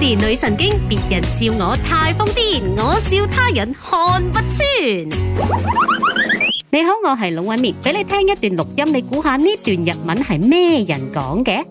連女神經，別人笑我太瘋癲，我笑他人看不穿。你好，我係龍紋敏，俾你聽一段錄音，你估下呢段日文係咩人講嘅？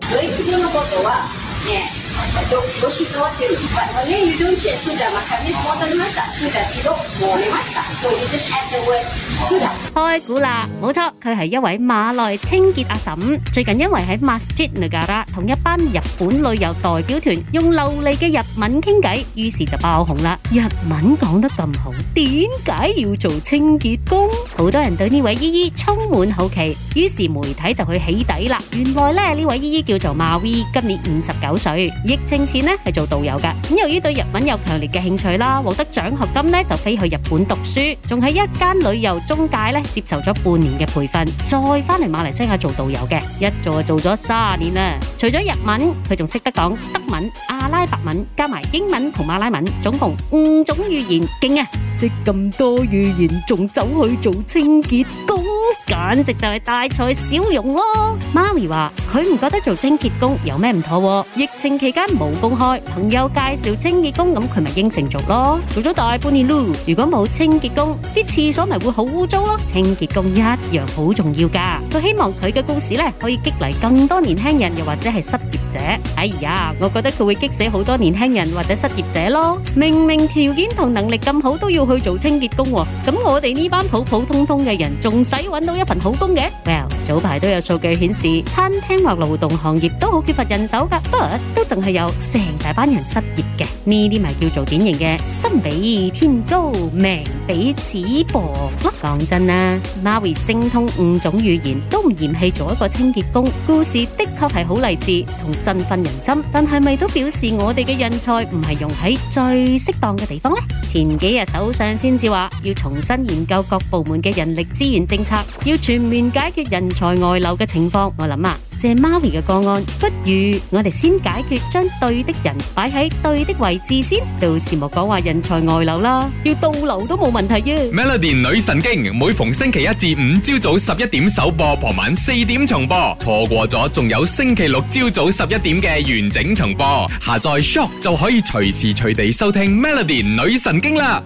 開估啦，冇錯，佢係一位馬來清潔阿嬸。最近因為喺 Masjid Negara 同一班日本旅遊代表團用流利嘅日文傾偈，於是就爆紅啦。日文講得咁好，點解要做清潔工？好多人對呢位姨姨充滿好奇，於是媒體就去起底啦。原來咧，呢位姨姨叫做 Melody，今年五十九歲，疫情。以前咧係做導遊噶咁由於對日文有強烈嘅興趣啦，獲得獎學金咧就飛去日本讀書，仲喺一間旅遊中介咧接受咗半年嘅培訓，再翻嚟馬來西亞做導遊嘅，一做就做咗三年啦。除咗日文，佢仲識得講德文、阿拉伯文，加埋英文同馬拉文，總共五種語言，勁啊！識咁多語言，仲走去做清潔工。簡直就係大材小用咯！媽咪話佢唔覺得做清潔工有咩唔妥啊，疫情期間冇工開，朋友介紹清潔工咁佢咪應承做咯。做咗大半年咯，如果冇清潔工，啲廁所咪會好污糟咯。清潔工一樣好重要噶，佢希望佢嘅故事呢，可以激勵更多年輕人，又或者係失業。者，哎呀，我覺得佢會激死好多年輕人或者失業者咯。明明條件同能力咁好，都要去做清潔工，哦。咁我哋呢班普普通通嘅人，仲使搵到一份好工嘅？Well，早排都有數據顯示，餐廳或勞動行業都好缺乏人手噶，不 u 都仲係有成大班人失業嘅。呢啲咪叫做典型嘅心比天高命彼此噃，講真啦，Melody 精通五種語言，都唔嫌棄做一個清潔工。故事的確係好勵志同振奮人心，但係咪都表示我哋嘅人才唔係用喺最適當嘅地方呢？前幾日首相先至話要重新研究各部門嘅人力資源政策，要全面解決人才外流嘅情況。我諗啊。借媽咪嘅個案，不如我哋先解決將對的人擺喺對的位置先，到時莫講話人才外流啦，要倒流都冇問題嘅，啊。Melody 女神經每逢星期一至五朝早十一點首播，傍晚四點重播，錯過咗仲有星期六朝早十一點嘅完整重播，下載 Shock 就可以隨時隨地收聽 Melody 女神經啦。